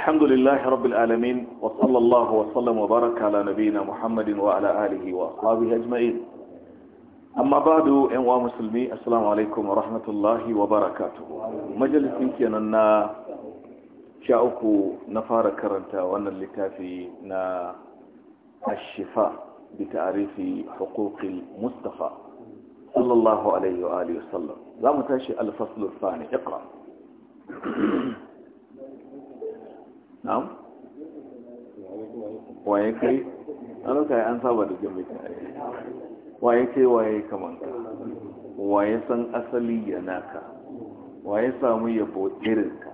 الحمد لله رب العالمين وصلى الله وسلم وبارك على نبينا محمد وعلى آله وأصحابه أجمعين أما بعد أنواع مسلمي السلام عليكم ورحمة الله وبركاته مجلس كنا شاءكو نفار كرنتا وأن اللتافينا الشفاء بتعريف حقوق المصطفى صلى الله عليه وآله وسلم لا متاشي الفصل الثاني اقرأ na'am waye kai an kai an saba da jin mutane waye kai waye kaman ka waye san asali ya naka waye samu yabo irin ka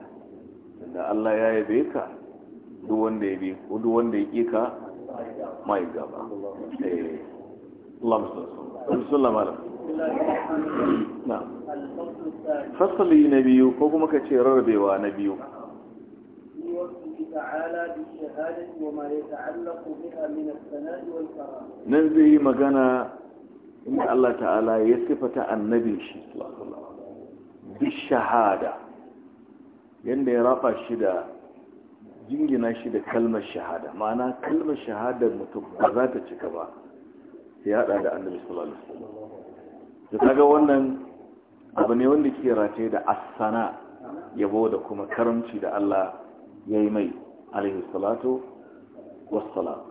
da Allah ya yabe ka duk wanda ya bi ko duk wanda ya kika mai gaba eh Allah musallam sallama na fasali na biyu ko kuma ka ce rarrabewa na biyu تعالى بالشهادة وما يتعلق بها من الثناء والكرامة ننزي مغانا إن الله تعالى يصفة النبي صلى الله عليه وسلم بالشهادة yadda ya rafa shi da jingina shi da kalmar shahada ma'ana kalmar shahadar mutum ba za ta cika ba sai hada da annabi sallallahu alaihi wasallam wannan abu ne wanda ke rataye da asana yabo da kuma karamci da Allah ya yi mai alaihi salatu wassalam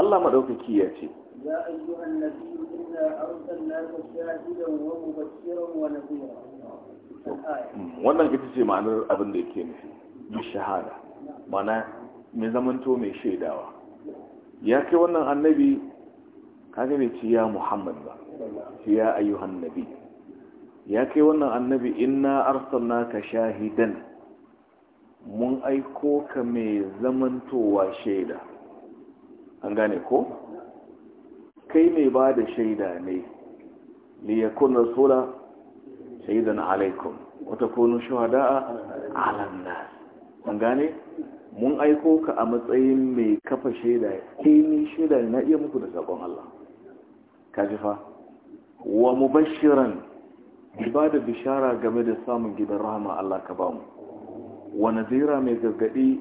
Allah madaukaki ya ce يا أيها النبي إنا أرسلناك شاهدا ومبشرا ونذيرا wannan ita ce ma'anar abin da yake nufi bi shahada mana mai zamanto mai shaidawa ya kai wannan annabi kaga bai ce ya muhammad ba ce ya ayyuhan nabi ya kai wannan annabi inna arsalnaka shahidan mun aiko ka mai zamantowa shaida an gane ko kai mai ba da shaida ne liyakun rasula shaidan alaikum wata kunu shahada'a alan an gane mun aiko ka a matsayin mai kafa shaida ni shaida na iya muku da sakon Allah ji fa wa mubashiran ibada bishara game da samun gidan rahama Allah ka bamu wa zira mai gargadi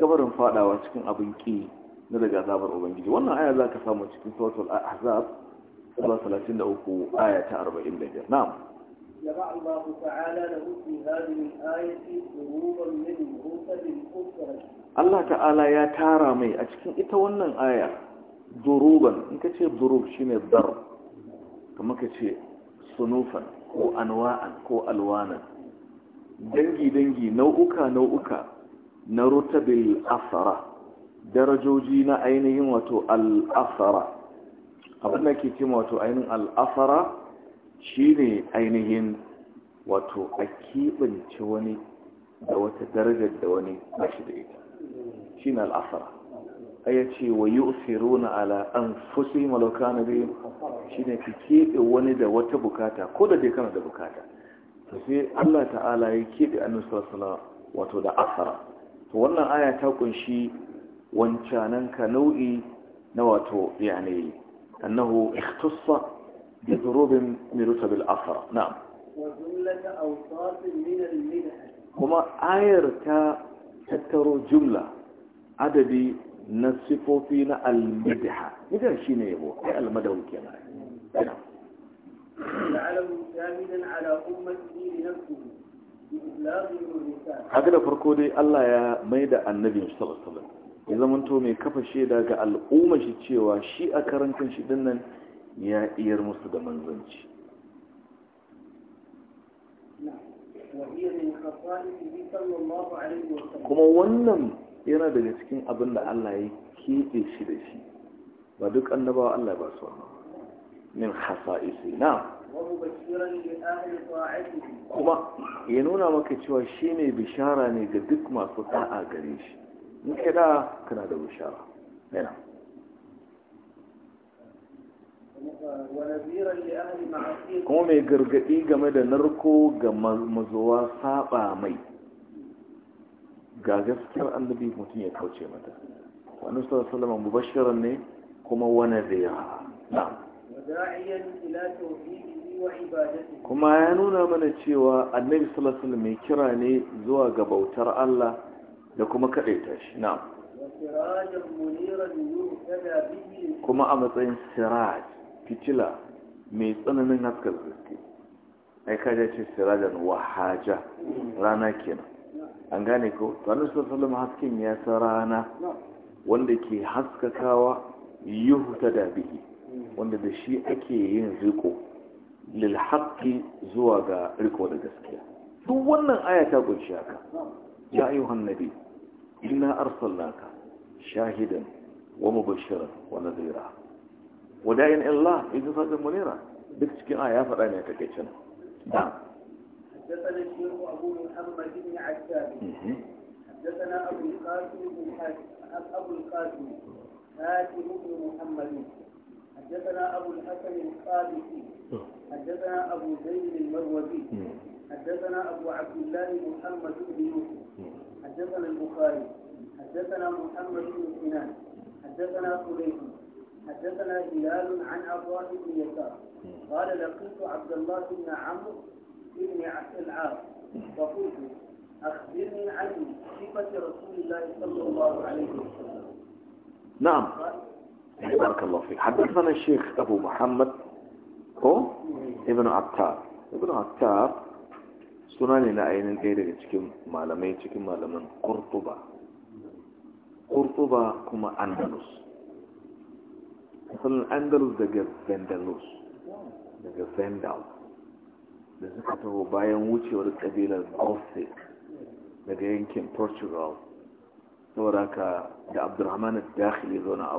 gabarin fadawa cikin abin ki na daga azabar ubangiji wannan aya za ka samu cikin suratul ahzab sura 33 aya ta 45 na'am جمع الله تعالى له في هذه الآية ضروبا من موسى الكفر Allah ta'ala ya tara mai a cikin ita wannan aya duruban in ka ce durub shi ne dar kamar ka ce sunufan ko anwa'an ko alwanan dangi-dangi nau'uka-nau'uka na rutabil asara darajoji na ainihin wato al'asara abin da ke cima wato ainihin al'asara shi ne ainihin wato a keɓance wani da wata darajar da wani ba shi da ita shi ne al'asara a ya ce wa yi usiru na ala an fusi malauka na biyu shi ne ka keɓe wani da wata bukata ko da dai kana da bukata to Allah ta'ala ya keɓe annabi wato da asara to wannan aya ta kunshi wancanan ka nau'i na wato yani annahu ikhtassa bi dhurubin min rutab al na'am kuma ayar ta tattaro jumla adadi na sifofi na al-midha shine yabo ai al-madawi kenan haka da farko dai Allah ya mai da annabin salasalam ya zamanto mai kafa shaida ga al'umma shi cewa shi a karantar shi dinnan ya iyar musu da manzanci kuma wannan yana daga cikin abin da Allah ya keɓe shi da shi ba duk annabawa Allah ba su wa min hasa'isi na kuma ya nuna maka cewa shi ne bishara ne ga duk masu ta'a gare shi in kira kana da bishara yana kuma mai gargaɗi game da narko ga mazuwa saba mai ga gaskiyar annabi mutum ya kauce mata wani sallama mubashirar ne kuma wani zai na kuma ya nuna mana cewa annabi sallallahu alaihi mai kira ne zuwa ga bautar Allah da kuma kadaita shi kuma a matsayin siraj fitila mai tsananin haskar gaske ai kaja ce sirajan wahaja rana kenan an gane ko tsanin sallallahu hasken ya sa rana wanda ke haskakawa yuhu ta dabi'i wanda da shi ake yin riko للحق زواجا ركوة القسكية دوانا آياتا تقول شاكا يا أيها النبي إنا أرسلناك شاهدا ومبشرا ونذيرا ودائن الله إذا صاد المنيرا بكتك آية فرانيك كيشنا دعم حدثنا الشيخ أبو محمد بن حدثنا أبو القاسم بن حاتم أبو القاسم حاتم بن محمد حدثنا أبو الحسن الخالدي حدثنا أبو زيد المروزي حدثنا أبو عبد الله محمد بن يوسف حدثنا البخاري حدثنا محمد بن سنان حدثنا سليم حدثنا هلال عن عطاء بن يسار قال لقيت عبد الله بن عمرو بن العاص فقلت أخبرني عن صفة رسول الله صلى الله عليه وسلم نعم بارك الله فيك حدثنا الشيخ أبو محمد هو ابن عطار ابن عتاب سناني لأين الإيري تكيم معلمين تكيم معلمين قرطبة قرطبة كما أندلس مثلا أندلس دقى فندلس دقى فندل da suka taho bayan wucewar kabilar gothic daga yankin portugal saboda ka da abdurrahman dakhili zauna a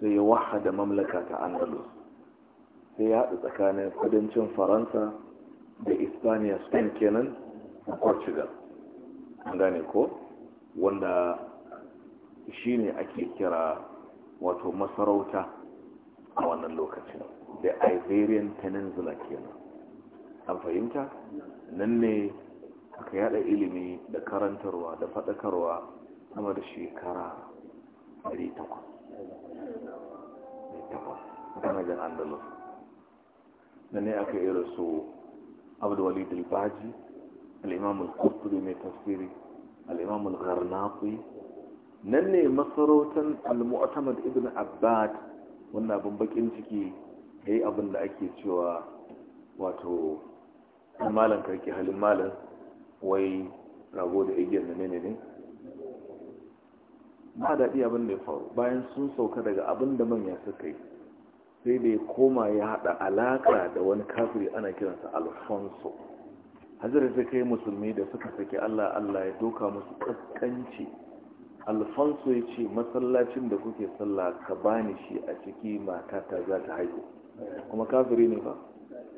sai ya wahada mamlaka ta andalus sai ya haɗu tsakanin kudancin faransa da ispaniya spain kenan da portugal an gane ko wanda shine ne ake kira wato masarauta a wannan lokacin da iberian peninsula kenan an fahimta nan ne aka yada ilimi da karantarwa da faɗakarwa sama da shekara 800 wajen andalus da ne aka yi rasu? abdulwalid al-baji al-imam al mai tafsiri al-imam al-gharnaqi nan ne masarautar al-mu'tamad ibn abbad wannan abin bakin ciki yayi abin da ake cewa wato malan karki halin malan wai rago da igiyar ne ne ne ba daɗi abin da ya faru bayan sun sauka daga abin da manya suka yi sai da ya koma ya haɗa alaƙa da wani kafiri ana kiransa alfonso hajjar ta kai musulmi da suka saki allah allah ya doka musu ƙasƙanci alfonso ya ce masallacin da kuke sallah ka bani shi a ciki matata za ta haihu kuma kafiri ne ba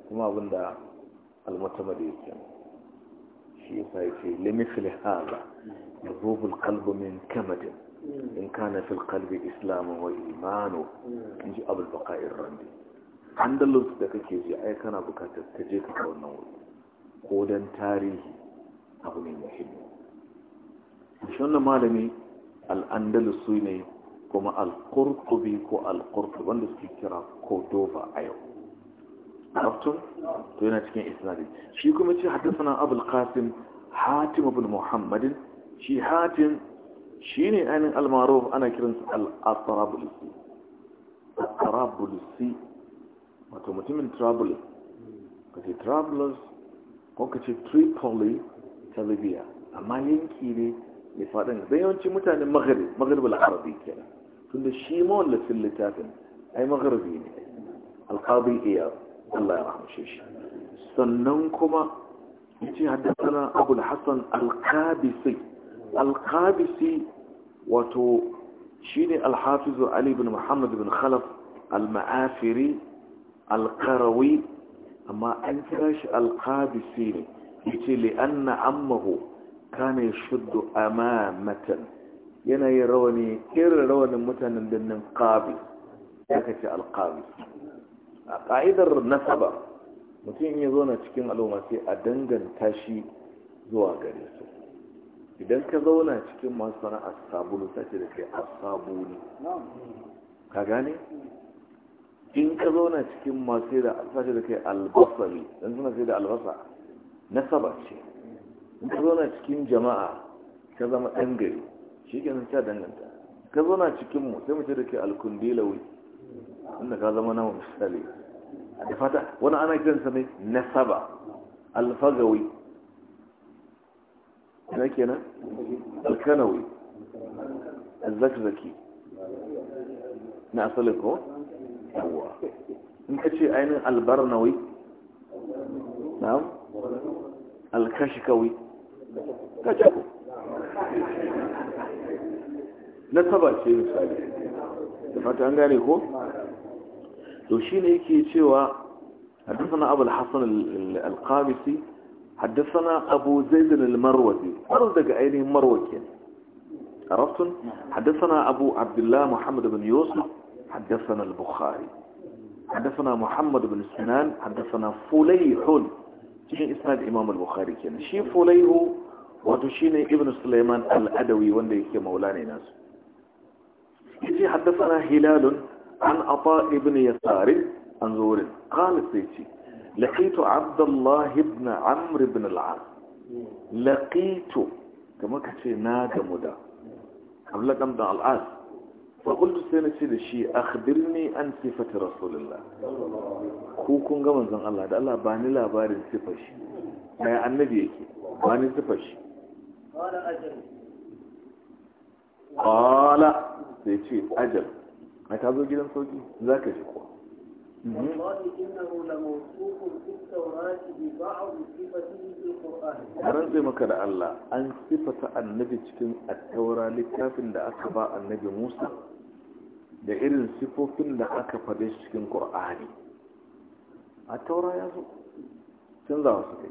kuma abin da almatama da yake shi ya sa ya ce limifil haza ya zo bulkalbumin kamadin in kana fil kalbi islamu wa imanu in ji abul baqa'ir randi andalus da kake ji ai kana bukatar ta je ka wannan wuri ko dan tarihi abu ne muhimmi shi wannan malami al-andalus ne kuma al-qurtubi ko al-qurtubi wanda suke kira cordova a yau to yana cikin تكين Shi kuma ce haddasa na Abul القاسم حاتم bin Muhammadin? Shi Hatim? shi ne ainihin almaruf ana kiransu al'atarabulisi al'atarabulisi wato mutumin travelers ka ce travelers ko ka ce tripoli talibiya, amma yanki ne mai faɗin zai yawanci mutanen magharib magharib al'arabi kenan tun da shi mawallafin littafin ai magharibi ne alƙabi iya Allah ya rahamshe shi sannan kuma yace haddathana Abu al-Hasan al-Qabisi al-Qabisi wato shine alhafizu ali bin muhammad bin khalaf al-ma'afiri al-qarawi amma an kira shi al-qabisi ne yace li anna ammahu kana yashuddu amamatan yana yin rawani irin rawanin mutanen dinnin qabis aka ce al-qabis a ka'idar nasaba mutum ya zo na cikin al'umma sai a danganta shi zuwa gare su idan ka zauna cikin masu a sabulu sace da kai a sabuni ka gane in ka zauna cikin masu sai da sace da kai albasari don suna sai da albasa na saba ce in ka zauna cikin jama'a ka zama ɗan gari shi ke ta danganta ka zauna cikin mu sai mace da kai alkundilawi inda ka zama nawa misali da fata wani ana kiransa ne nasaba alfagawi لكن الكنوي الزكزكي نعطلقه هو من كتشي أين البرنوي نعم الكشكوي كتشكو نتبع شيء مثالي فأنت أنقاني هو لو شيني كي يتشيوها حدثنا أبو الحصن القابسي حدثنا أبو زيد المروزي أرزق أينه مروكي عرفتم حدثنا أبو عبد الله محمد بن يوسف حدثنا البخاري حدثنا محمد بن سنان حدثنا فليح شيء إسناد إمام البخاري كان شيء فليح وتشين ابن سليمان الأدوي وندي مولانا ناس يجي حدثنا هلال عن أطاء ابن يسار عن زور قال سيتي لقيت عبد الله ابن عمرو بن العاص لقيت كما كتي ناغا مودا قبل كم ده العاص فقلت سنه شي اخبرني عن صفه رسول الله ku kun ga manzon Allah da ba ni labarin sifar shi sai annabi yake ba ni sifar shi qala ajal qala sai ce ajal mai ta zo gidan sauki za ka ji kuwa والله إنه لموثوق في التوراة ببعض صفته في القرآن أرد مكر الله أن صفة النبي تكون التوراة النبي موسى da irin sifofin da aka faɗe shi cikin ƙur'ani a taura ya zo canzawa su kai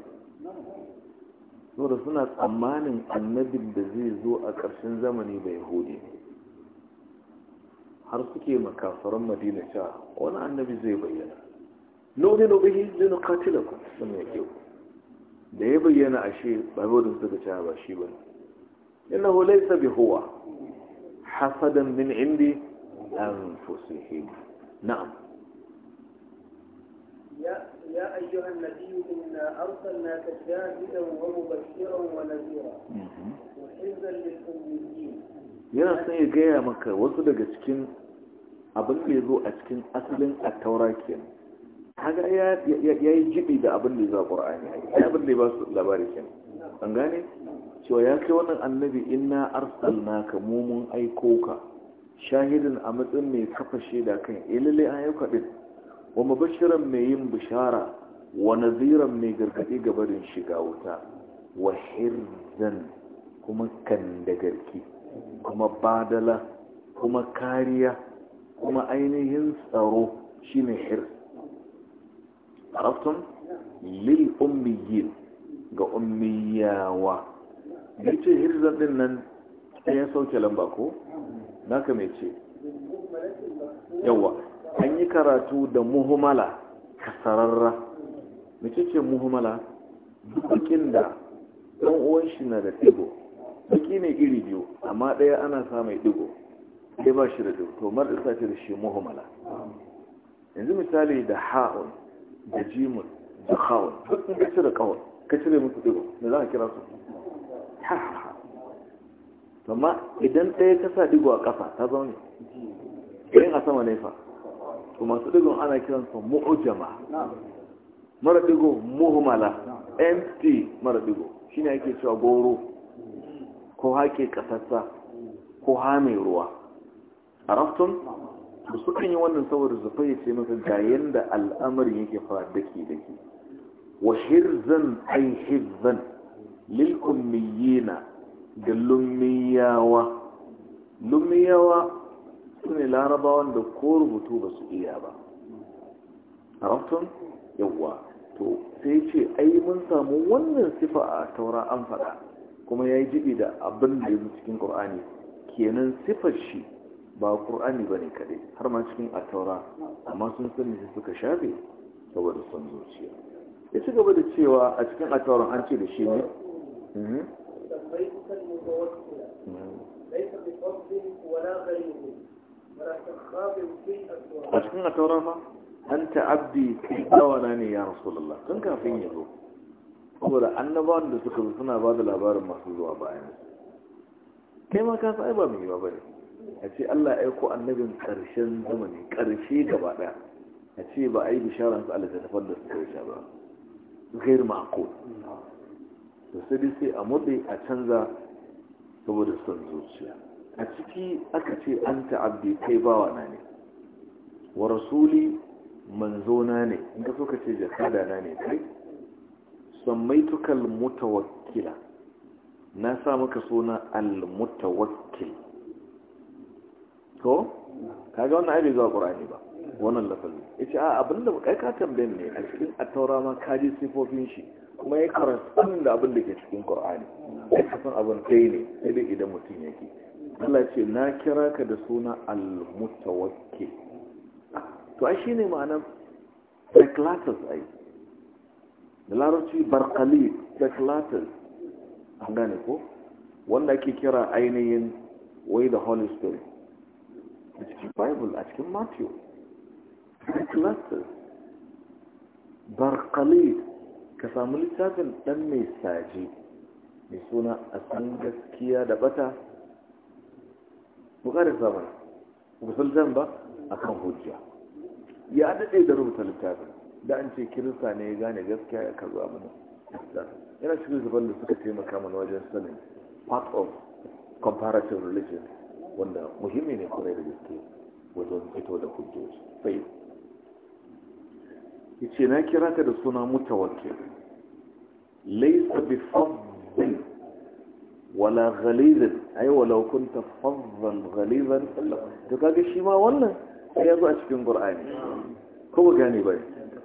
saboda suna tsammanin annabin da zai zo a ƙarshen zamani bai hudu ne har suke makasaran madina cewa wani annabi zai bayyana launin obihi zai na katila ku sun ya kyau da ya bayyana a shi da suka cewa ba shi ba yana hulai sabi huwa hasadan min indi an fusihi na'am يا أيها النبي إنا أرسلناك شاهدا ومبشرا ونذيرا وحزا للأميين yana son ya gaya maka wasu daga cikin abin da ya zo a cikin asalin a taura haga ya yi jibi da abin da ya a ƙura'ani ya abin da ya ba su labari ke an gane cewa ya kai wannan annabi inna na ka mumun aiko ka shahidin a matsayin mai kafa shaida kan ilile eh, ayyuka din wa mubashiran mai yin bishara wa naziran mai gargaɗi gabarin shiga wuta wa hirzan kuma kan da garki kuma badala kuma kariya kuma ainihin tsaro shine hir arabtum lil ummiyin ga ummiyawa ce hirzan ɗin nan ya sauke lamba ko naka mai ce yawa an yi karatu da muhimmala kasararra mace ce muhimmala dukkin da ɗan uwan shi na da tigo baki ne iri biyu amma ɗaya ana sa mai digo ɗaya ba shi da ɗigo, to mar isa ce da shi muhammala yanzu misali da ha'un da jimun da ha'un duk in ka cire kawai ka cire musu digo da za a kira su ha amma idan ɗaya ta sa digo a ƙasa ta zaune irin a sama nefa to masu digon ana kiran su mu'ujama mara digo muhammala empty mara digo ne ake cewa goro ko hake ƙasassa ko mai ruwa a raftun da su kan yi wannan saboda zufai ya ce masa ga yadda al'amarin yake ke dake dake wa hirzan ai hirzan lil ummiyina da lummiyawa lummiyawa su ne larabawan da ko rubutu ba su iya ba a yawwa to sai ce ai mun samu wannan sifa a taura an faɗa kuma ya yi jibi da abin da ya cikin ƙur'ani kenan siffar shi ba ƙur'ani ba ne kaɗai har ma cikin ataura amma sun sani su suka shafe saboda son zuciya ya ci gaba da cewa a cikin atauran an ce da shi ne mhm. a cikin atauran ma an ta Abdi kai dawana ne ya rasu lallah tun kafin ya zo saboda annabawan da suka zo suna ba da labarin masu zuwa bayan kai ma ka sai ba mu yi ba ne a ce Allah ya aiko annabin karshen zamani karshe gaba daya a ce ba a yi bisharar su Allah ta tafar da su karshe ba gair mako. da su bi sai a mutse a canza saboda son zuciya a ciki aka ce an ta'abdi kai bawa na ne wa rasuli manzona ne in ka so ka ce jakada na ne kai sammaitukal mutawakkila na sa maka suna al al-mutawakkil to kaga wannan abin zuwa qur'ani ba wannan lafazi yace a abinda kai ka tambaye ne a cikin at-taura ma kaji sifofin shi kuma ya karanta da abin da ke cikin qur'ani san abin kai ne sai dai idan mutum yake Allah ce na kira ka da suna al-mutawakkil to ai ne ma'anar a ai da larabci barkali teklatun an gane ko wanda ake kira ainihin way the holy spirit a cikin bible a cikin matthew teklatun barkali ka samu littafin dan mai saji mai suna a san gaskiya da bata bukatar zamani musulman ba a kan hujja ya daɗe da rubuta littafin da an ce kirista ne ya gane gaskiya ya karɓi mana. yana cikin zuban da suka taimaka mana wajen sanin part of comparative religion wanda muhimmi ne kwarai da gaske wajen fito da hujjoji sai ya ce na kira ka da suna mutawakil laisa bi fadlin wala ghalizan ai walau kunta fadlan ghalizan to kaga shi ma wannan ya zo a cikin qur'ani ko ba gane ba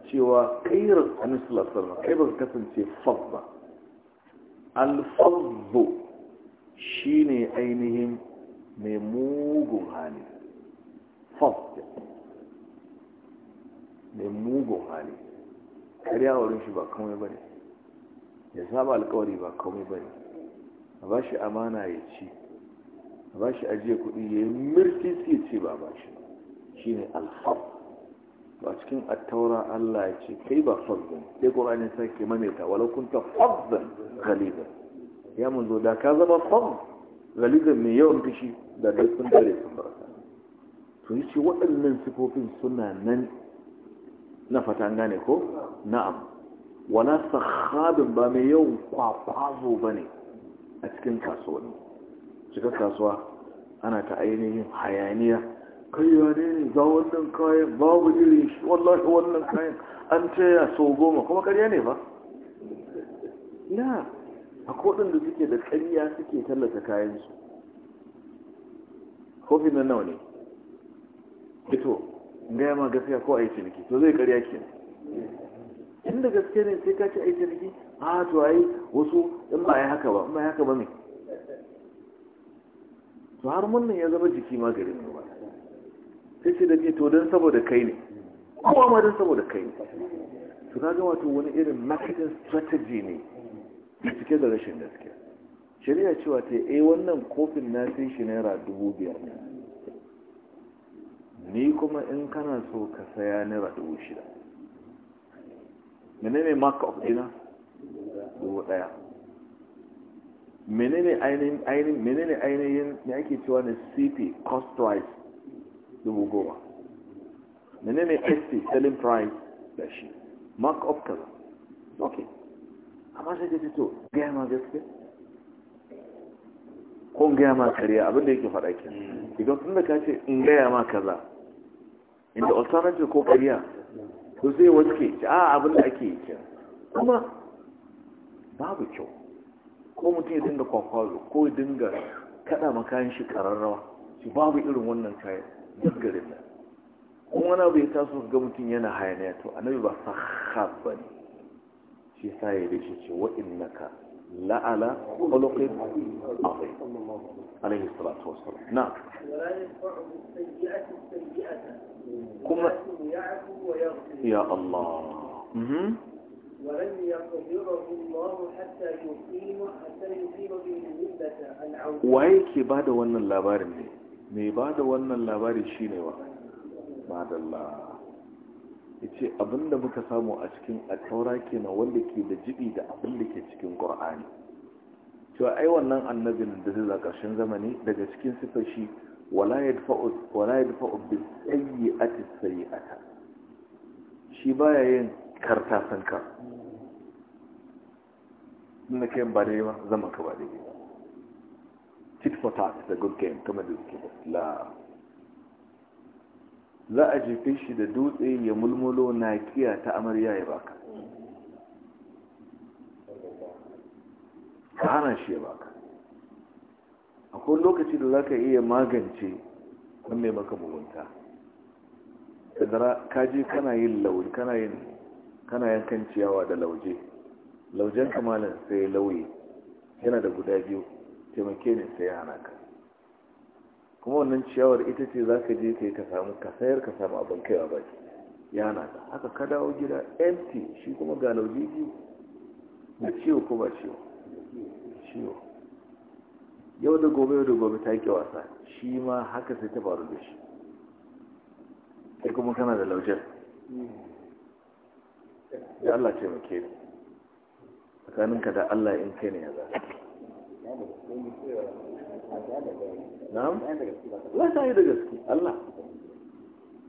cewa kairar anisul asirma kai ba ka kasance fadda ba shi ne ainihin mai mugun hali fadda mai mugun hali kariya wurin shi ba kome ba ne ya saba alkawari ba kome ba ne a ba shi amana ya ci a ba shi ajiye kudi ya yi mirkisi ya ce ba ba shi shi ne alfazo ba cikin attaura Allah ya ce kai ba fazzan sai ƙoranin sake mamaita walau kun ta fazzan galiban ya mun zo da ka zama fazzan galiban mai yawan fishi da dai sun dare sun bar to yace waɗannan sifofin suna nan na fata an gane ko na'am wala sakhabin ba mai yawan kwakwazo bane a cikin kasuwanni cikin kasuwa ana ta ainihin hayaniya kai wane ne ga wannan kayan babu irin shi wallahi wannan kayan an taya sau goma kuma karya ne ba na a kodin da suke da karya suke tallata kayansu kofin nan nawa ne fito gaya ma gaskiya ko a yi ciniki to zai karya ke inda gaske ne sai kaci a yi ciniki a to a yi wasu in ba a yi haka ba in ba a yi haka ba ne to har munnan ya zama jiki magarin ba. sai ce da ce to don saboda kai ne kowa ma don saboda kai ne su zama to wani irin marketing strategy ne da cike da rashin gaske. shari'a cewa ta yi eh, wannan kofin na sai shi naira dubu biyar ne ni kuma in kana so ka saya naira dubu shida menene mark of dina dubu daya menene ainihin ainihin menene ainihin ne ake cewa ne cp cost price dubu goma ne st selling price da shi mark up kaza ok amma sai ce to gaya ma gaske ko gaya ma kariya abinda yake faɗa ke idan tun da ka ce in gaya ma kaza inda alternative ko kariya to sai waske ce a abinda ake yi kira kuma babu kyau ko mutum ya dinga kwakwazo ko ya dinga kada makayan shi kararrawa su babu irin wannan kayan duk garin nan kuma wani abu ya taso ga mutum yana hayaniya to annabi ba sahab ba ne shi sa ya da shi ce wa'innaka la'ala khuluqin azim alaihi salatu wassalam na kuma ya Allah waye ke الله حتى يقيم حتى mai ba da wannan labari shi ne wa madalla ya ce abinda muka samu a cikin ke na wanda ke da jibi da abinda ke cikin ƙorani. cewa ai wannan annabin da zai ƙarshen zamani daga cikin sifar shi wala ya dafa obi tsayi a tsayi a ta shi baya yin karta sankar inda kayan ba da yi ba zama ka ba da yi ba tit for tat it's a good game kamar da suke la za a jefe shi da dutse ya mulmulo na kiya ta amarya ya baka ka hana shi ya baka akwai lokaci da za ka iya magance wanne maka mugunta kadara kaji kana yin lauje kana yin kana yankan ciyawa da lauje laujen kamalin sai lauye yana da guda biyu taimake ne sai ana ka kuma wannan ciyawar ita ce za ka je ka yi ka samu ka sayar ka samu abin kaiwa ba ya na ka haka ka dawo gida empty shi kuma ga laujiji da ciwo ko ba ciwo ciwo yau da gobe yau da gobe ta ke wasa shi ma haka sai ta faru da shi sai kuma kana da laujar ya Allah taimake ni tsakaninka da Allah in kai ne ya zaka na'am wata yi da gaske Allah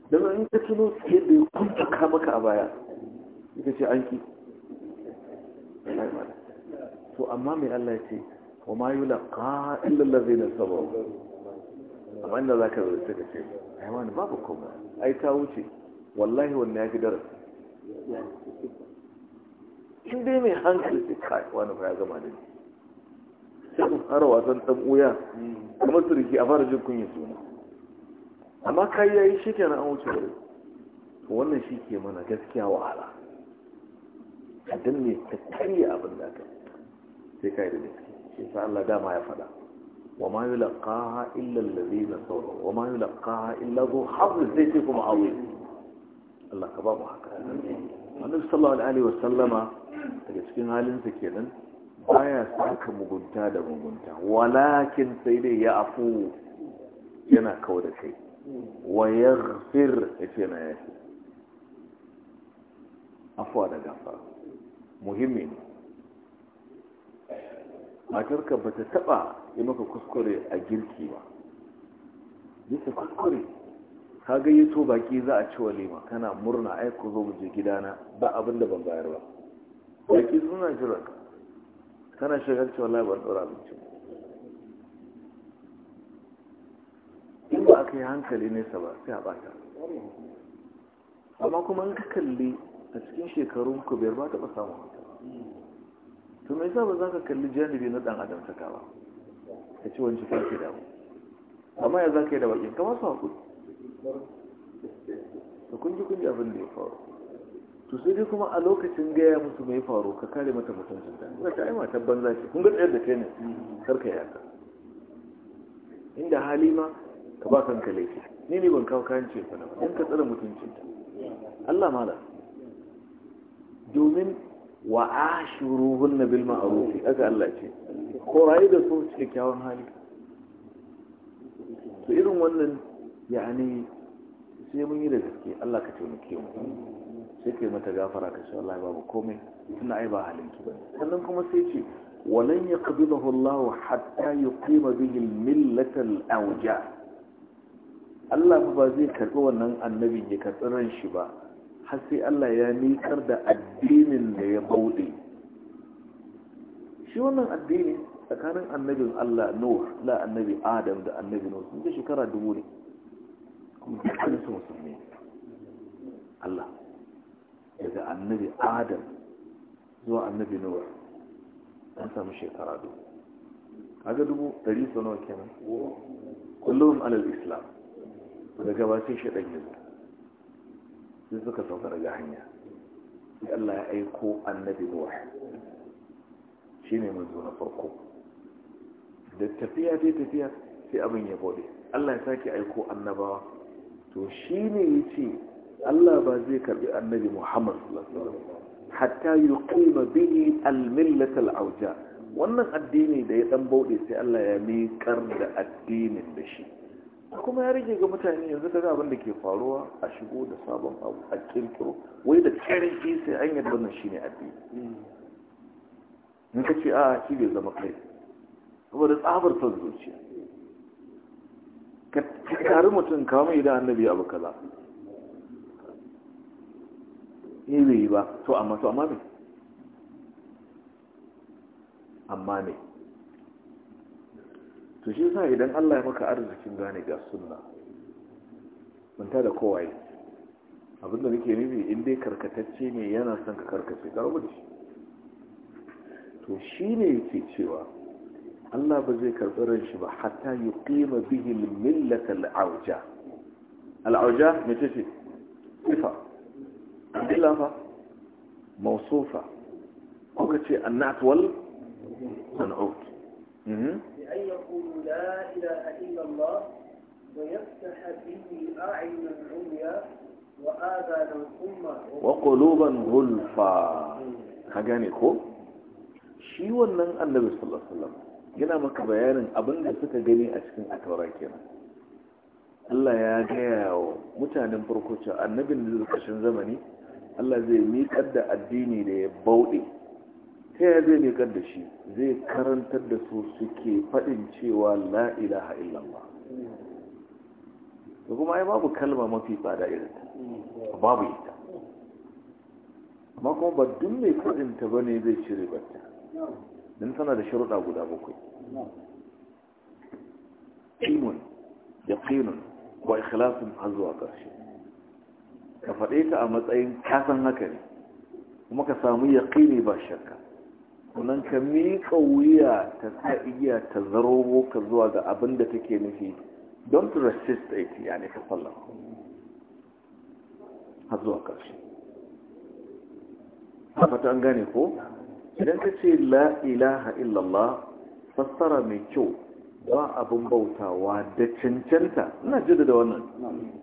don in ka tuno yadda ya kunta kuntaka maka a baya ita ce an ki to amma mai Allah ce wa ma yi laƙa illallah zai na saba amma inda za ka zai ka ce ai wani babu kuma ai ta wuce wallahi wanne ya fi darasi in dai mai hankali ce kai wani ba ya gama da ni har wasan dan uya kuma turki a fara jin kunya suna amma kai ya yi shi kenan an wuce wuri wannan shi ke mana gaskiya wahala dan ne ta karya abin da ka sai kai da gaske shi sa Allah dama ya faɗa wa ma yulqaha illa alladhina sabaru wa ma yulqaha illa dhu hazzin sai ce kuma awi Allah ka ba mu haka annabi sallallahu alaihi wasallama daga cikin halin sa kenan baya saka mugunta da mugunta walakin sai dai ya afu yana kawo da kai wa ya ya ce na yafi afuwa da gafa muhimmi ne matarka ba ta taba yi maka kuskure a girki ba yasa kuskure ka gayyato baki za a ci lima kana murna aiko zo mu je gidana ba abin ban bayar ba baki suna jiranka kana shigar cewa na ban ɗora abinci in ba aka yi hankali nesa ba sai a bata amma kuma in ka kalli a cikin shekarun ku biyar ba taɓa samun haka to mai sa ba za ka kalli janibi na ɗan adam saka ba ka ci wani cikin ke damu amma ya za ka yi da bakin kama su haƙuri da kunji kunji abin da ya faru to sai dai kuma a lokacin gaya musu mai faru ka kare mata mutuncin ta ina ta yi tabban za kun ga tsayar da kai ne karka ya ka inda hali ma ka ba kanka laifi ni ne ban kawo kayan ce na ba in ka tsara mutuncin ta Allah mala domin wa ashuruhun na bil ma'arufi aka Allah ce ko rayu da su kyakkyawan hali to irin wannan yani sai mun yi da gaske Allah ka taimake mu sai kai mata gafara ka ce babu komai tunda ai ba halin ki bane sannan kuma sai ce walan yaqbidahu Allah hatta yuqima bihi millata al-awja Allah fa ba zai karbi wannan annabin ya karbi ran shi ba har sai Allah ya nikar da addinin da ya bude. shi wannan addini tsakanin annabin Allah Nuh la annabi Adam da annabi Nuh sun shekara dubu ne kuma dukkan su musulmi Allah daga annabi adam zuwa annabi nuwa an samu shekara dubu kaga dubu ɗari sau nawa kenan kullum alal islam daga ba sai shaɗan yanzu sai suka sauka daga hanya sai Allah ya aiko annabi nuwa shi ne manzo na farko da tafiya dai tafiya sai abin ya bude Allah ya sake aiko annabawa to shi ne ya ce Allah ba zai karbi annabi Muhammad hatta yi kuma bihi a'uja. wannan addini da ya dan bauɗe sai Allah ya miƙar da addinin da shi kuma ya rage ga mutane yanzu ka abin da ke faruwa a shigo da sabon abu a kirkiro wai da tsarin sai an yadda wannan shine addini in ka ce a shi bai zama kai saboda tsabar son zuciya ka tare mutum kamar idan annabi abu kaza eh bai yi ba to amma to amma me amma me to shi sa idan Allah ya maka arzikin gane ga sunna manta da kowaye abinda nake nufi in dai karkatacce ne yana son ka karkace ka rubuta shi to shi ne yake cewa Allah ba zai karɓi ran shi ba hatta yi ƙima bihin millata al'auja al'auja mai ce ce sifa illa fa mausufa kuka ce an natuwal an auki يقولوا لا إله إلا الله ويفتح shi wannan annabi sallallahu alaihi yana maka bayanin abin da suka gani a cikin atawara kenan Allah ya gaya wa mutanen farko cewa annabin da zai zamani Allah zai miƙar da addini da ya bauɗe ta ya zai miƙar da shi zai karantar da su suke faɗin cewa la'ilaha illallah da kuma ai babu kalma mafi tsada irin babu ita amma kuma ba duk mai faɗin ta ba ne zai ba ta don tana da sharuɗa guda bakwai ilmun yaqinun wa ikhlasun har zuwa ƙarshe ka faɗe ta a matsayin kasan haka ne kuma ka samu yaƙini ba shakka sannan ka miƙa wuya ta sa igiya ta zaro ka zuwa ga abin da take nufi don to resist it yani ka sallama har zuwa ƙarshe fata an gane ko idan ka ce la ilaha illallah fassara mai kyau ba abin bautawa da cancanta ina jida da wannan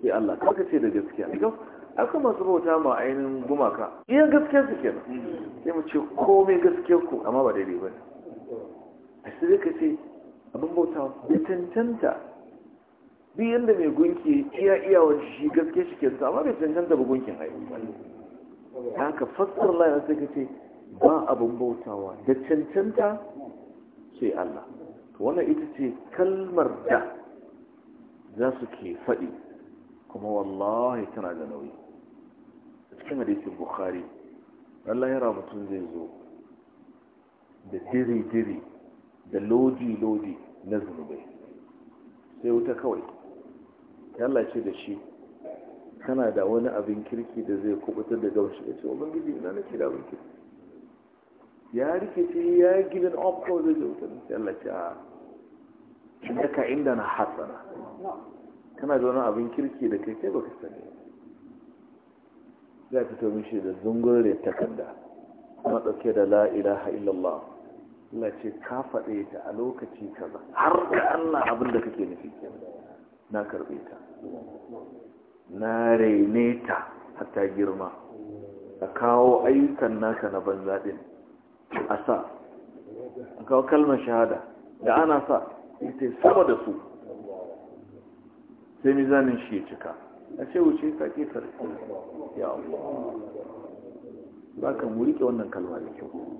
sai Allah kaka ce da gaskiya idan aka masu bauta ma ainihin gumaka iya gaskiya su kenan sai mu ce komai gaskiya ku amma ba daidai ba a sai ka ce abin bauta ya cancanta Bi yadda mai gunki iya iyawar shi gaske shi ke amma bai cancanta ba gunkin haihu haka fassar lana sai ka ce ba abin bautawa da cancanta sai Allah wannan ita ce kalmar da za su ke faɗi kuma wallahi tana da nauyi da cikin hadisin bukhari Allah ya mutum zai zo da diri-diri da lodi-lodi na zunubai sai wuta kawai Allah ce da shi kana da wani abin kirki da zai kubutar da gaushi ya ce ubangiji ina nake da abin kirki ya rikici ya yi gidan up kawai zai wuta sai Allah ce a ka inda na hatsana kana da wani abin kirki da kai kai baka sani fito ka mishi da zungure takarda kuma ɗauke da la ilaha illallah Allah ce ka faɗe ta a lokaci kaza har da Allah abin da kake nufi na karɓe ta na raine ta hatta girma a kawo ayyukan naka na banza ɗin a sa a kawo kalmar shahada da ana sa ita sama da su sai mizanin shi ya cika a ce wuce ka sarki ya Allah ba ka mu wannan kalma da kyau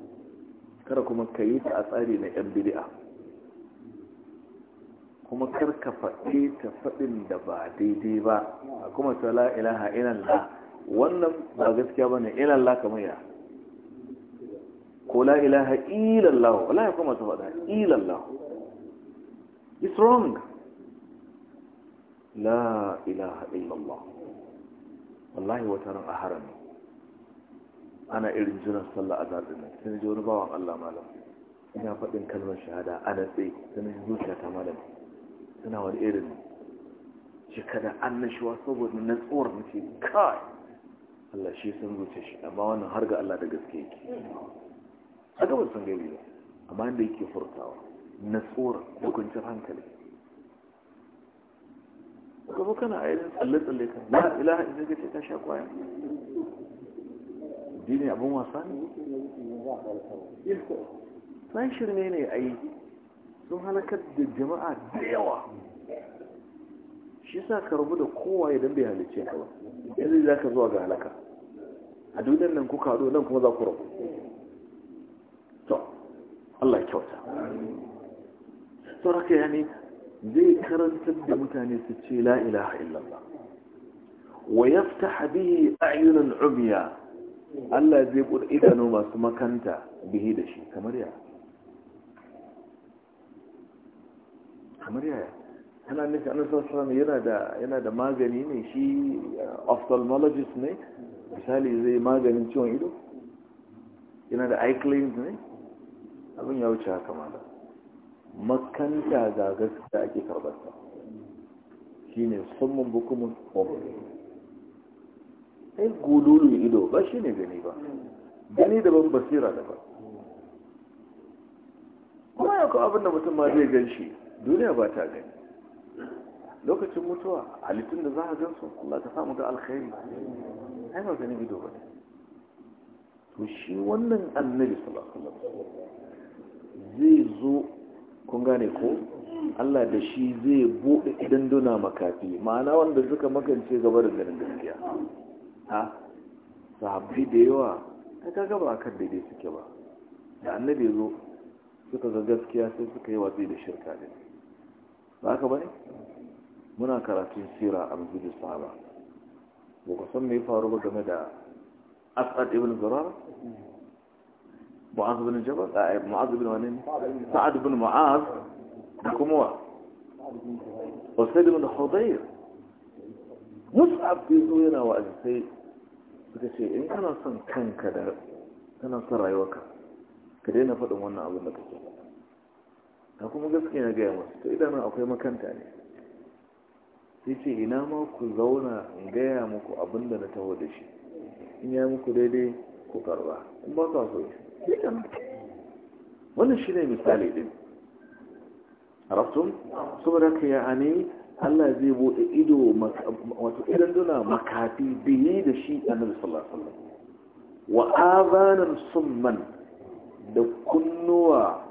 kara kuma ka yi ta a tsari na yan bid'a kuma kar ka faɗe ta faɗin da ba daidai ba a kuma sala ilaha illallah wannan ba gaskiya ba ne illallah kamar ya ko la ilaha illallah wala ya kuma ta faɗa illallah it's wrong la ilaha illallah wallahi wata ran a harami ana irin jiran sallah a zaɓin nan sai ji wani bawan Allah malam ina faɗin kalmar shahada a natsi sun na zuciya ta malam suna wani irin shi kada annashuwa saboda na tsohon mace kai Allah shi sun zuce shi amma wannan har ga Allah da gaske yake a gaban sun gari ba amma inda yake furtawa na tsohon hukuncin hankali ka kana a yi tsalle-tsalle ka na ilaha in zai ce ka sha kwaya dini abin wasa ne sai shirme ne a yi sun halakar da jama'a da yawa shi sa ka rubu da kowa idan bai halice ka ba yanzu za ka zuwa ga halaka a duniyar nan kuka haɗu nan kuma za ku rabu to Allah kyauta sauraka ya ne زي كرن سبب متاني ستشي لا إله إلا الله ويفتح به أعين عميا الله يقول إذا نوما سمكنت به دشي كمريا كمريا هنا أنك أنا صلى الله عليه وسلم ينا دا ما زنيني شي أفتالمولوجيس ني مثالي زي ما زنين شون إلو ينا دا أي كليمز ني أبن يوچا كمانا makanta ga gaskiya ake karbarta shi ne summun bukumin ɓogoyi ai gululu ido ba shi ne gani ba gani daban basira daban kuma ya kawo abinda mutum ma zai gan shi duniya ba ta gani lokacin mutuwa halittun da za a gan su Allah ta samu ga alkhairi ai ba gani ido ba to shi wannan annabi sallallahu alaihi wasallam zai zo kun gane ko Allah da shi zai buɗe idan dinduna makafi ma'ana wanda suka makance gaba da ganin gaskiya ha sahabbai da yawa ta kaga ba kan daidai suke ba da annabi zo suka ga gaskiya sai suka yi watsi da shirka ne ba haka bane muna karatun sira a mazubi sahaba ba ku san me ya faru ba game da asad ibn zurara معاذ bin جبل معاذ بن bin wani بن bin mu'az da kuma wa wasu مصعب في mus'ab وأجسي zo yana كان sai كان كذا in kana son kanka da kana son rayuwarka ka daina faɗin wannan abin da kake ta kuma gaskiya na gaya masu to idanun akwai ina ma ku zauna in gaya muku abinda na taho da shi in ya muku daidai ku karba in ba ka so shi wannan shi ne misali din arabtun saboda ka yani Allah zai bude ido wato idan duna makafi biye da shi annabi sallallahu alaihi wa azanan summan da kunnuwa